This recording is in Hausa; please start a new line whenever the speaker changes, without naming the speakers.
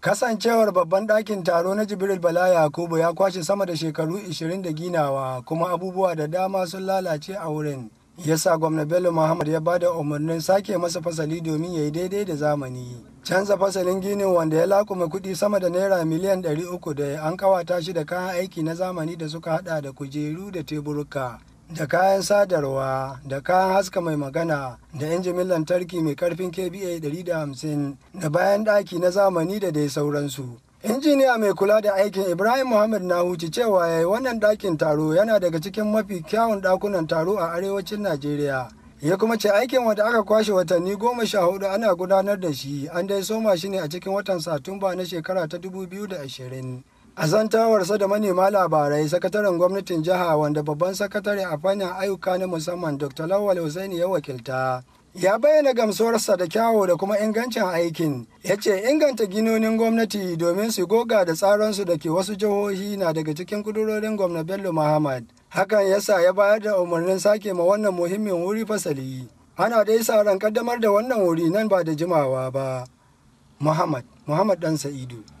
Kasancewar babban ɗakin taro na Jibril Bala Yakubu ya kwashe sama da shekaru 20 da ginawa kuma abubuwa da dama sun lalace a wurin. Yasa gwamna Bello Muhammad ya bada umarnin sake masa fasali domin ya yi daidai da zamani. Canza fasalin ginin wanda ya lakume kuɗi sama da naira miliyan 300 da an kawata shi da kayan aiki na zamani da suka hada da kujeru da teburuka. da kayan sadarwa da kayan haska mai magana da injimin lantarki mai karfin kba 150 da bayan ɗaki na zamani da dai sauransu injiniya mai kula da aikin ibrahim muhammad na huci cewa ya yi wannan ɗakin taro yana daga cikin mafi kyawun ɗakunan taro a arewacin najeriya ya kuma ce aikin wanda aka kwashe watanni goma sha hudu ana gudanar da shi an dai soma shi ne a cikin watan satumba na shekara ta dubu biyu da ashirin. a zantawarsa da manema labarai sakataren gwamnatin jiha wanda babban sakatare a fannin ayyuka na musamman dr lawal hussaini ya wakilta ya bayyana gamsuwarsa da kyawu da kuma ingancin aikin ya ce inganta ginonin gwamnati domin su goga da tsaronsu da ke wasu jihohi na daga cikin kudurorin gwamna bello muhammad hakan yasa ya bayar da umarnin sake ma wannan muhimmin wuri fasali ana dai sa ran kaddamar da wannan wuri nan ba da jimawa ba muhammad muhammad dan sa'idu